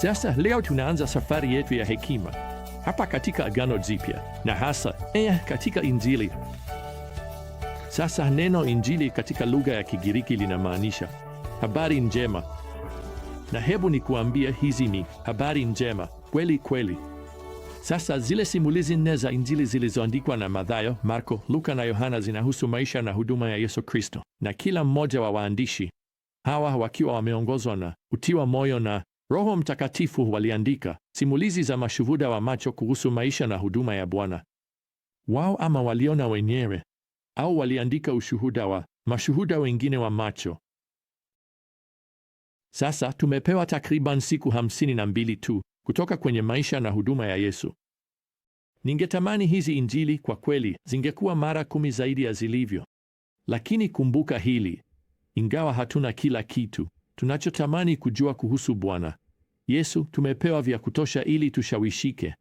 Sasa leo tunaanza safari yetu ya hekima hapa katika Agano Jipya na hasa eh, katika Injili. Sasa neno injili katika lugha ya Kigiriki linamaanisha habari njema, na hebu ni kuambia hizi ni habari njema kweli kweli. Sasa zile simulizi nne za injili zilizoandikwa na Mathayo, Marko, Luka na Yohana zinahusu maisha na huduma ya Yesu Kristo, na kila mmoja wa waandishi hawa wakiwa wameongozwa na utiwa moyo na Roho Mtakatifu waliandika simulizi za mashuhuda wa macho kuhusu maisha na huduma ya Bwana wao, ama waliona wenyewe au waliandika ushuhuda wa mashuhuda wengine wa macho. Sasa tumepewa takriban siku hamsini na mbili tu kutoka kwenye maisha na huduma ya Yesu. Ningetamani hizi injili kwa kweli zingekuwa mara kumi zaidi ya zilivyo, lakini kumbuka hili, ingawa hatuna kila kitu tunachotamani kujua kuhusu Bwana Yesu tumepewa vya kutosha ili tushawishike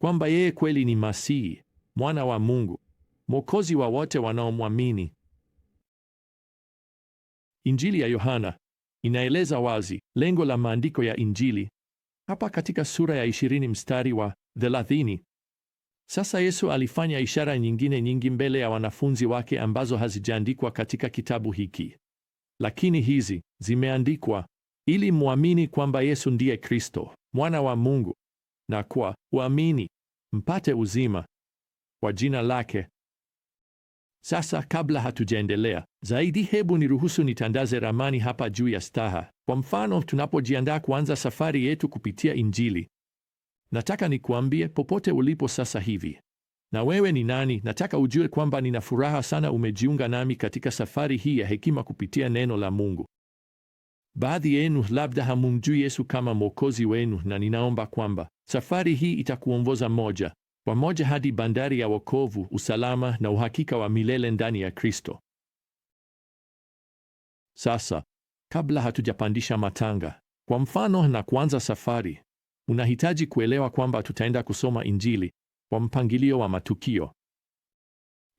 kwamba yeye kweli ni Masihi, mwana wa Mungu, mwokozi wa wote wanaomwamini. Injili ya Yohana inaeleza wazi lengo la maandiko ya injili hapa katika sura ya 20 mstari wa 30. Sasa Yesu alifanya ishara nyingine nyingi mbele ya wanafunzi wake ambazo hazijaandikwa katika kitabu hiki, lakini hizi zimeandikwa ili mwamini kwamba Yesu ndiye Kristo mwana wa Mungu, na kwa uamini mpate uzima kwa jina lake. Sasa kabla hatujaendelea zaidi, hebu niruhusu nitandaze ramani hapa juu ya staha. Kwa mfano, tunapojiandaa kuanza safari yetu kupitia Injili, nataka nikuambie, popote ulipo sasa hivi, na wewe ni nani? Nataka ujue kwamba nina furaha sana umejiunga nami katika safari hii ya hekima kupitia neno la Mungu. Baadhi yenu labda hamumjui Yesu kama mwokozi wenu, na ninaomba kwamba safari hii itakuongoza moja kwa moja hadi bandari ya wokovu, usalama na uhakika wa milele ndani ya Kristo. Sasa, kabla hatujapandisha matanga kwa mfano na kuanza safari, unahitaji kuelewa kwamba tutaenda kusoma Injili kwa mpangilio wa matukio.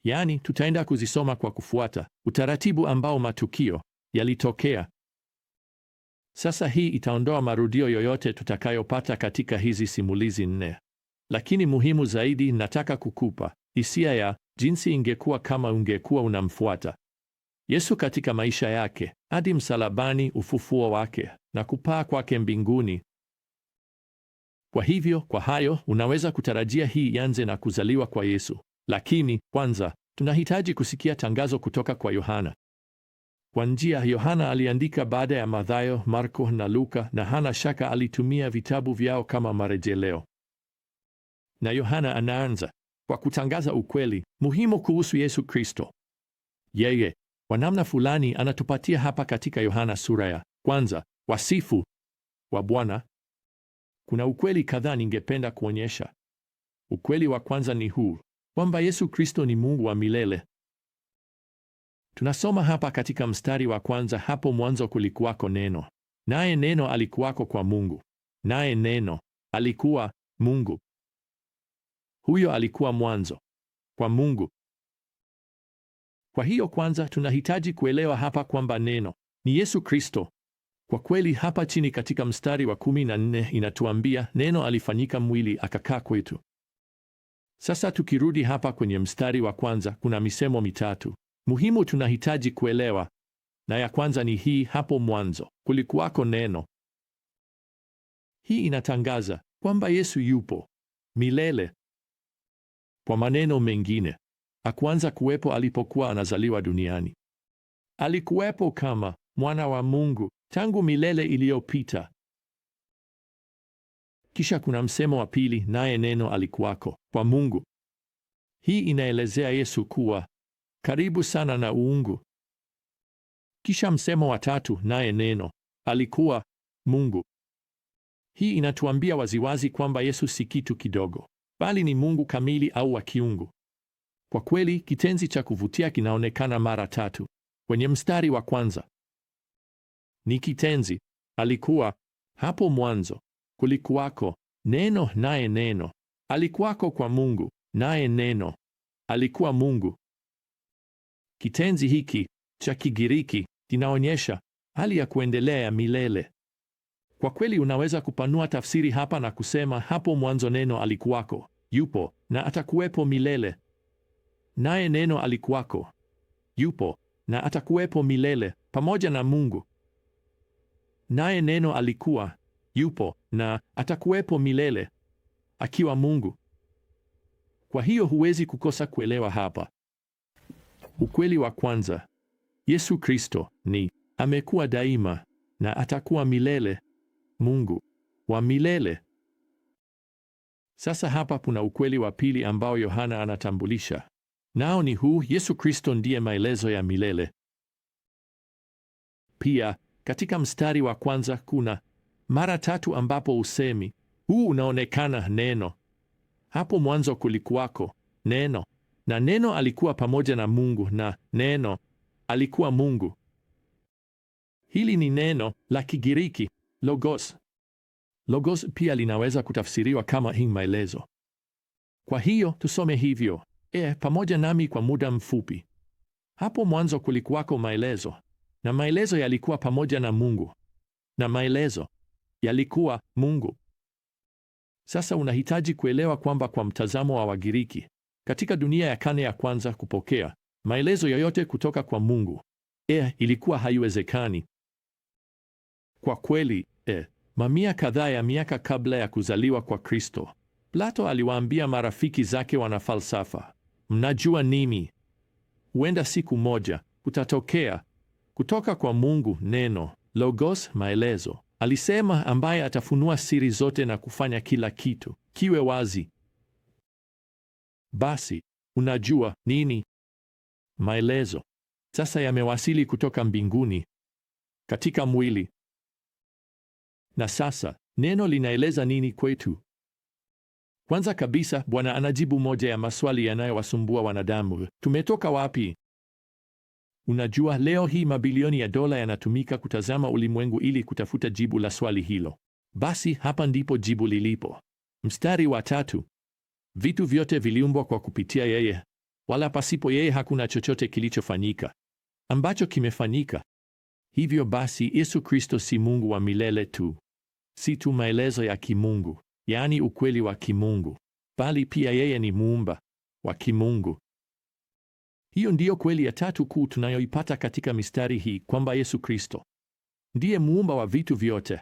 Yaani, tutaenda kuzisoma kwa kufuata utaratibu ambao matukio yalitokea. Sasa hii itaondoa marudio yoyote tutakayopata katika hizi simulizi nne, lakini muhimu zaidi, nataka kukupa hisia ya jinsi ingekuwa kama ungekuwa unamfuata Yesu katika maisha yake hadi msalabani, ufufuo wake na kupaa kwake mbinguni. Kwa hivyo, kwa hayo unaweza kutarajia hii ianze na kuzaliwa kwa Yesu. Lakini kwanza tunahitaji kusikia tangazo kutoka kwa Yohana. Kwa njia, Yohana aliandika baada ya Mathayo, Marko na Luka, na hana shaka alitumia vitabu vyao kama marejeleo. Na Yohana anaanza kwa kutangaza ukweli muhimu kuhusu Yesu Kristo. Yeye kwa namna fulani anatupatia hapa katika Yohana sura ya kwanza wasifu wa Bwana kuna ukweli kadhaa ningependa kuonyesha. Ukweli wa kwanza ni huu kwamba Yesu Kristo ni Mungu wa milele. Tunasoma hapa katika mstari wa kwanza, hapo mwanzo kulikuwako neno, naye neno alikuwako kwa Mungu, naye neno alikuwa Mungu. Huyo alikuwa mwanzo kwa Mungu. Kwa hiyo kwanza tunahitaji kuelewa hapa kwamba neno ni Yesu Kristo. Kwa kweli hapa chini katika mstari wa kumi na nne inatuambia neno alifanyika mwili akakaa kwetu. Sasa tukirudi hapa kwenye mstari wa kwanza, kuna misemo mitatu muhimu tunahitaji kuelewa, na ya kwanza ni hii hapo mwanzo kulikuwako neno. Hii inatangaza kwamba Yesu yupo milele. Kwa maneno mengine, hakuanza kuwepo alipokuwa anazaliwa duniani, alikuwepo kama mwana wa Mungu tangu milele iliyopita. Kisha kuna msemo wa pili, naye neno alikuwako kwa Mungu. Hii inaelezea Yesu kuwa karibu sana na uungu. Kisha msemo wa tatu, naye neno alikuwa Mungu. Hii inatuambia waziwazi kwamba Yesu si kitu kidogo, bali ni Mungu kamili au wa kiungu. Kwa kweli, kitenzi cha kuvutia kinaonekana mara tatu kwenye mstari wa kwanza ni kitenzi alikuwa. Hapo mwanzo kulikuwako neno, naye neno alikuwako kwa Mungu, naye neno alikuwa Mungu. Kitenzi hiki cha Kigiriki kinaonyesha hali ya kuendelea ya milele. Kwa kweli unaweza kupanua tafsiri hapa na kusema hapo mwanzo neno alikuwako, yupo na atakuwepo milele. Naye neno alikuwako, yupo na atakuwepo milele pamoja na Mungu naye neno alikuwa, yupo na atakuwepo milele akiwa Mungu. Kwa hiyo huwezi kukosa kuelewa hapa ukweli wa kwanza: Yesu Kristo ni amekuwa daima na atakuwa milele, Mungu wa milele. Sasa hapa kuna ukweli wa pili ambao Yohana anatambulisha, nao ni huu: Yesu Kristo ndiye maelezo ya milele pia katika mstari wa kwanza kuna mara tatu ambapo usemi huu unaonekana neno. Hapo mwanzo kulikuwako neno, na neno alikuwa pamoja na Mungu, na neno alikuwa Mungu. Hili ni neno la Kigiriki logos. Logos pia linaweza kutafsiriwa kama hii maelezo. Kwa hiyo tusome hivyo, e, pamoja nami kwa muda mfupi. Hapo mwanzo kulikuwako maelezo na maelezo yalikuwa pamoja na Mungu, na maelezo yalikuwa Mungu. Sasa unahitaji kuelewa kwamba kwa mtazamo wa Wagiriki katika dunia ya kane ya kwanza, kupokea maelezo yoyote kutoka kwa Mungu e, ilikuwa haiwezekani kwa kweli. E, mamia kadhaa ya miaka kabla ya kuzaliwa kwa Kristo, Plato aliwaambia marafiki zake wanafalsafa, mnajua nini, huenda siku moja kutatokea kutoka kwa Mungu, neno logos, maelezo alisema, ambaye atafunua siri zote na kufanya kila kitu kiwe wazi. Basi unajua nini? Maelezo sasa yamewasili kutoka mbinguni katika mwili, na sasa neno linaeleza nini kwetu? Kwanza kabisa, Bwana anajibu moja ya maswali yanayowasumbua wanadamu: tumetoka wapi? Unajua, leo hii mabilioni ya dola yanatumika kutazama ulimwengu ili kutafuta jibu la swali hilo. Basi hapa ndipo jibu lilipo. Mstari wa tatu: vitu vyote viliumbwa kwa kupitia yeye, wala pasipo yeye hakuna chochote kilichofanyika ambacho kimefanyika. Hivyo basi, Yesu Kristo si Mungu wa milele tu, si tu maelezo ya kimungu, yaani ukweli wa kimungu, bali pia yeye ni muumba wa kimungu. Hiyo ndiyo kweli ya tatu kuu tunayoipata katika mistari hii kwamba Yesu Kristo ndiye muumba wa vitu vyote.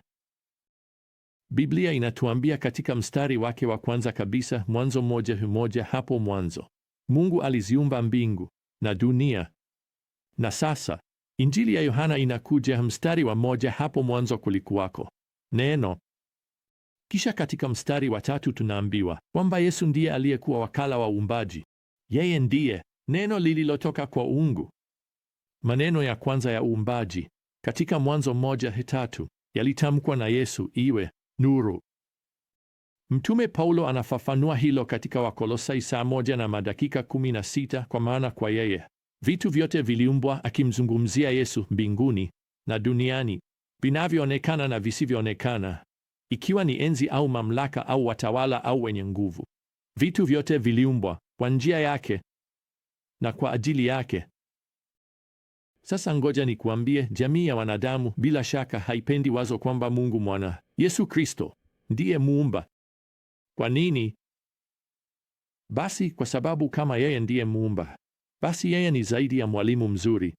Biblia inatuambia katika mstari wake wa kwanza kabisa, Mwanzo moja moja, hapo mwanzo Mungu aliziumba mbingu na dunia. Na sasa Injili ya Yohana inakuja, mstari wa moja, hapo mwanzo kulikuwako neno. Kisha katika mstari wa tatu tunaambiwa kwamba Yesu ndiye aliyekuwa wakala wa uumbaji. Yeye ndiye neno lililotoka kwa Mungu. Maneno ya kwanza ya uumbaji katika Mwanzo moja hetatu yalitamkwa na Yesu, iwe nuru. Mtume Paulo anafafanua hilo katika Wakolosai saa moja na madakika 16, kwa maana kwa yeye vitu vyote viliumbwa, akimzungumzia Yesu, mbinguni na duniani, vinavyoonekana na visivyoonekana, ikiwa ni enzi au mamlaka au watawala au wenye nguvu. Vitu vyote viliumbwa kwa njia yake na kwa ajili yake. Sasa ngoja nikuambie, jamii ya wanadamu bila shaka haipendi wazo kwamba Mungu mwana Yesu Kristo ndiye muumba. Kwa nini? Basi kwa sababu kama yeye ndiye muumba, basi yeye ni zaidi ya mwalimu mzuri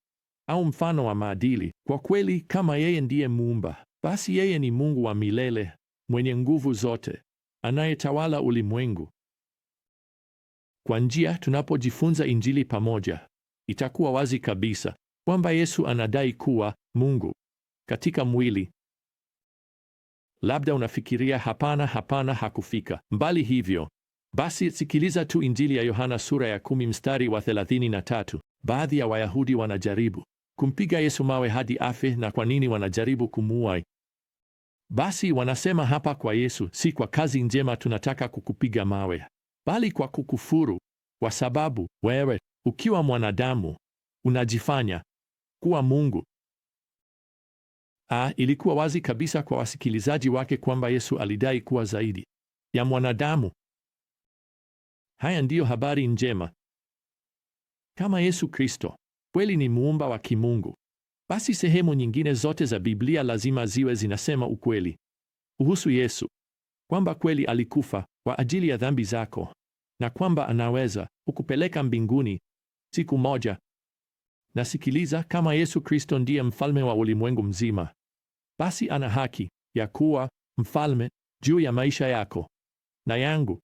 au mfano wa maadili. Kwa kweli, kama yeye ndiye muumba, basi yeye ni Mungu wa milele mwenye nguvu zote anayetawala ulimwengu. Kwa njia tunapojifunza Injili pamoja, itakuwa wazi kabisa kwamba Yesu anadai kuwa Mungu katika mwili. Labda unafikiria hapana, hapana, hakufika mbali hivyo. Basi sikiliza tu Injili ya Yohana sura ya kumi mstari wa 33. Baadhi ya Wayahudi wanajaribu kumpiga Yesu mawe hadi afe. Na kwa nini wanajaribu kumuua? Basi wanasema hapa kwa Yesu, si kwa kazi njema tunataka kukupiga mawe, bali kwa kukufuru, kwa sababu wewe ukiwa mwanadamu unajifanya kuwa Mungu. Ah, ilikuwa wazi kabisa kwa wasikilizaji wake kwamba Yesu alidai kuwa zaidi ya mwanadamu. Haya ndiyo habari njema. Kama Yesu Kristo kweli ni muumba wa kimungu, basi sehemu nyingine zote za Biblia lazima ziwe zinasema ukweli kuhusu Yesu, kwamba kweli alikufa kwa ajili ya dhambi zako na kwamba anaweza kukupeleka mbinguni siku moja. Nasikiliza, kama Yesu Kristo ndiye mfalme wa ulimwengu mzima, basi ana haki ya kuwa mfalme juu ya maisha yako na yangu.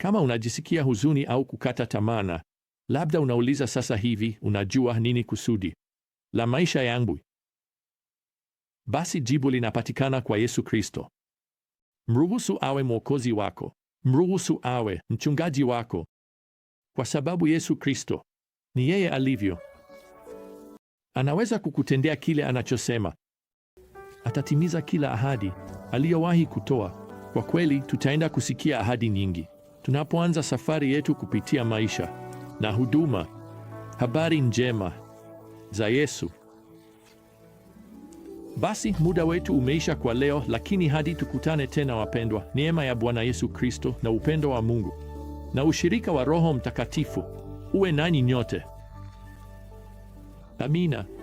Kama unajisikia huzuni au kukata tamana labda unauliza sasa hivi, unajua nini kusudi la maisha yangu? Basi jibu linapatikana kwa Yesu Kristo. Mruhusu awe mwokozi wako, mruhusu awe mchungaji wako, kwa sababu Yesu Kristo ni yeye alivyo. Anaweza kukutendea kile anachosema, atatimiza kila ahadi aliyowahi kutoa. Kwa kweli, tutaenda kusikia ahadi nyingi tunapoanza safari yetu kupitia maisha na huduma habari njema za Yesu. Basi muda wetu umeisha kwa leo, lakini hadi tukutane tena wapendwa, neema ya Bwana Yesu Kristo na upendo wa Mungu na ushirika wa Roho Mtakatifu uwe nanyi nyote. Amina.